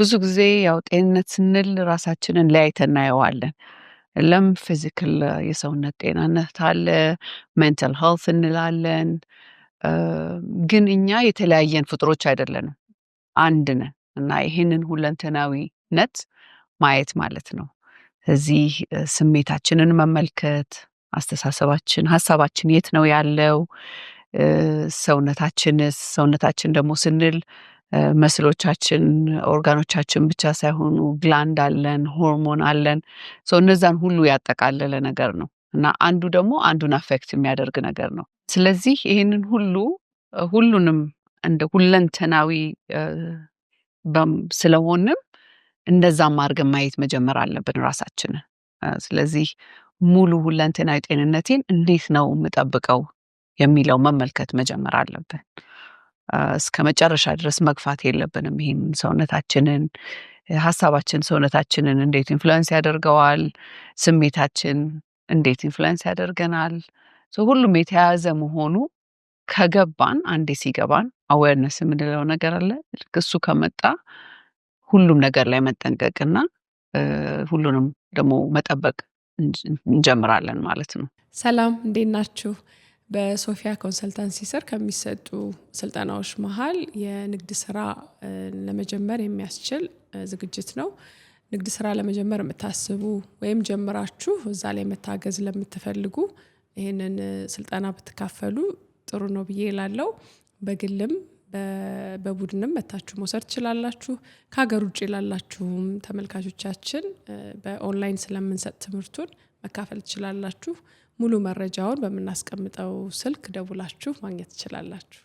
ብዙ ጊዜ ያው ጤንነት ስንል ራሳችንን ለያይተ እናየዋለን። ለም ፊዚክል የሰውነት ጤናነት አለ፣ ሜንታል ሄልት እንላለን። ግን እኛ የተለያየን ፍጥሮች አይደለንም፣ አንድ ነን እና ይህንን ሁለንተናዊነት ማየት ማለት ነው። እዚህ ስሜታችንን መመልከት፣ አስተሳሰባችን፣ ሀሳባችን የት ነው ያለው? ሰውነታችንስ? ሰውነታችን ደግሞ ስንል መስሎቻችን ኦርጋኖቻችን ብቻ ሳይሆኑ ግላንድ አለን፣ ሆርሞን አለን። እነዛን ሁሉ ያጠቃለለ ነገር ነው እና አንዱ ደግሞ አንዱን አፌክት የሚያደርግ ነገር ነው። ስለዚህ ይህንን ሁሉ ሁሉንም እንደ ሁለንተናዊ ስለሆንም እንደዛም አድርገን ማየት መጀመር አለብን ራሳችንን። ስለዚህ ሙሉ ሁለንተናዊ ጤንነቴን እንዴት ነው የምጠብቀው የሚለው መመልከት መጀመር አለብን። እስከ መጨረሻ ድረስ መግፋት የለብንም። ይህን ሰውነታችንን ሀሳባችን ሰውነታችንን እንዴት ኢንፍሉዌንስ ያደርገዋል? ስሜታችን እንዴት ኢንፍሉዌንስ ያደርገናል? ሁሉም የተያያዘ መሆኑ ከገባን አንዴ ሲገባን አዌርነስ የምንለው ነገር አለ። እሱ ከመጣ ሁሉም ነገር ላይ መጠንቀቅና ሁሉንም ደግሞ መጠበቅ እንጀምራለን ማለት ነው። ሰላም እንዴት ናችሁ? በሶፊያ ኮንሰልታንሲ ስር ከሚሰጡ ስልጠናዎች መሀል የንግድ ስራ ለመጀመር የሚያስችል ዝግጅት ነው። ንግድ ስራ ለመጀመር የምታስቡ ወይም ጀምራችሁ እዛ ላይ መታገዝ ለምትፈልጉ ይህንን ስልጠና ብትካፈሉ ጥሩ ነው ብዬ ላለው በግልም በቡድንም መታችሁ መውሰድ ትችላላችሁ። ከሀገር ውጭ ላላችሁም ተመልካቾቻችን በኦንላይን ስለምንሰጥ ትምህርቱን መካፈል ትችላላችሁ። ሙሉ መረጃውን በምናስቀምጠው ስልክ ደውላችሁ ማግኘት ትችላላችሁ።